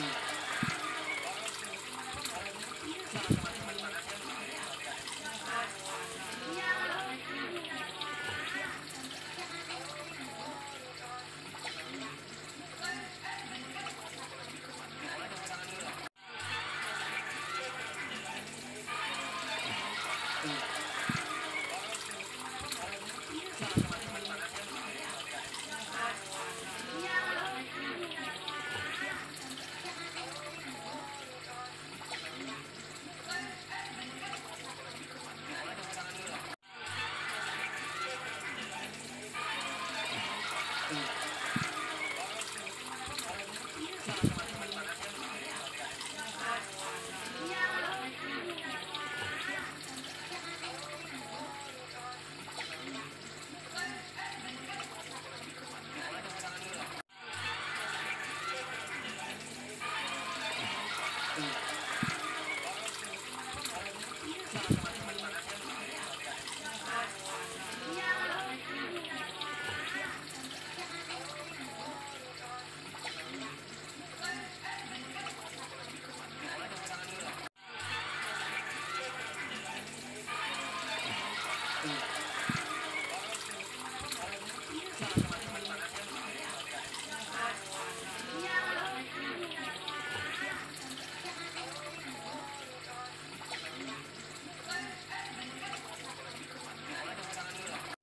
week. Thank you.